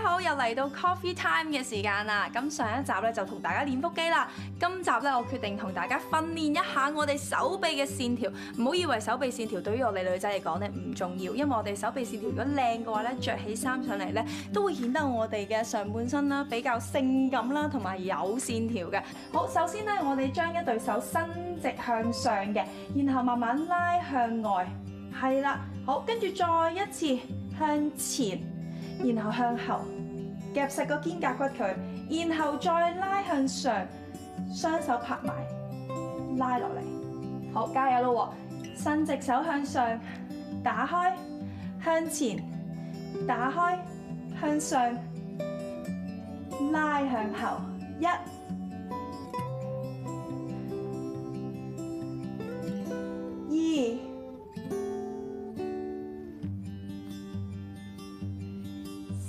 大家好，又嚟到 Coffee Time 嘅時間啦！咁上一集咧，就同大家練腹肌啦，今集咧，我決定同大家訓練一下我哋手臂嘅線條。唔好以為手臂線條對於我哋女仔嚟講咧唔重要，因為我哋手臂線條如果靚嘅話咧，着起衫上嚟咧都會顯得我哋嘅上半身啦比較性感啦，同埋有線條嘅。好，首先咧，我哋將一對手伸直向上嘅，然後慢慢拉向外，係啦，好，跟住再一次向前。然後向後夾實個肩胛骨佢，然後再拉向上，雙手拍埋，拉落嚟。好，加油咯！伸直手向上，打開向前，打開向上，拉向後一。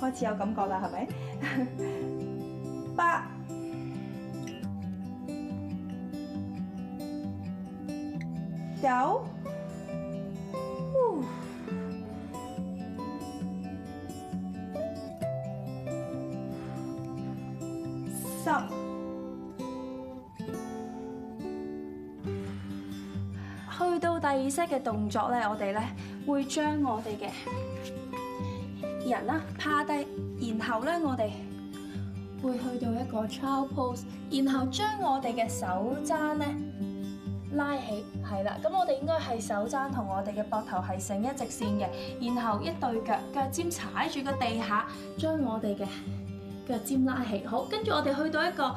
開始有感覺啦，係咪？八、九、十。去到第二式嘅動作咧，我哋咧會將我哋嘅人啦、啊、趴低，然後咧我哋會去到一個 trough pose，然後將我哋嘅手踭咧拉起，係啦，咁我哋應該係手踭同我哋嘅膊頭係成一直線嘅，然後一對腳腳尖踩住個地下，將我哋嘅腳尖拉起，好，跟住我哋去到一個。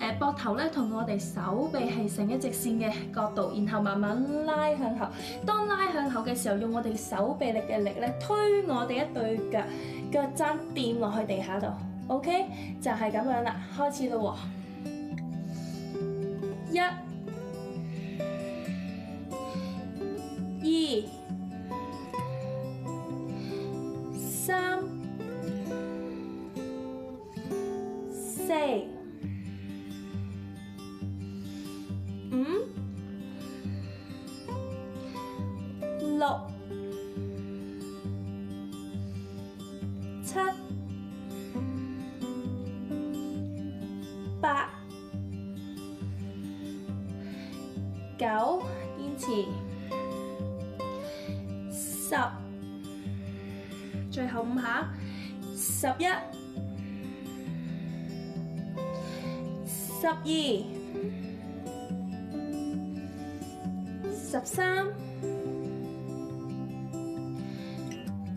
誒膊頭咧同我哋手臂係成一直線嘅角度，然後慢慢拉向後。當拉向後嘅時候，用我哋手臂的力嘅力嚟推我哋一對腳，腳踭墊落去地下度。OK，就係咁樣啦，開始啦喎！一、二、三、四。十，最後五下，十一，十二，十三，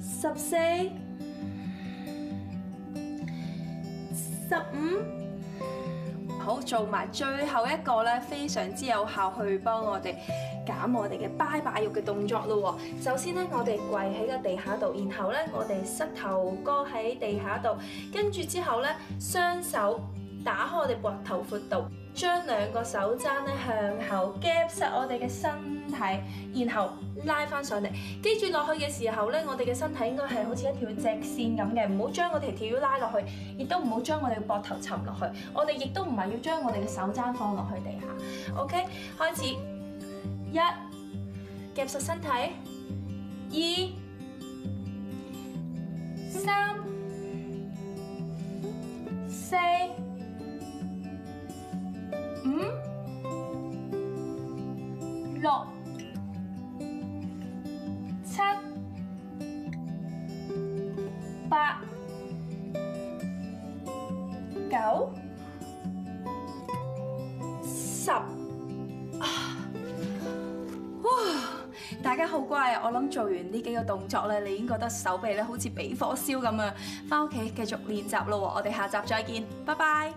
十四，十五。好，做埋最後一個咧，非常之有效去幫我哋減我哋嘅拜拜肉嘅動作咯。首先咧，我哋跪喺個地下度，然後咧，我哋膝頭哥喺地下度，跟住之後咧，雙手。打開我哋膊頭闊度，將兩個手踭咧向後夾實我哋嘅身體，然後拉翻上嚟。跟住落去嘅時候咧，我哋嘅身體應該係好似一條直線咁嘅，唔好將我哋條腰拉落去，亦都唔好將我哋嘅膊頭沉落去。我哋亦都唔係要將我哋嘅手踭放落去地下。OK，開始，一，夾實身體，二，三。五、六、七、八、九、十。哇！大家好乖啊！我諗做完呢幾個動作咧，你已經覺得手臂咧好似俾火燒咁啊！返屋企繼續練習咯，我哋下集再見，拜拜。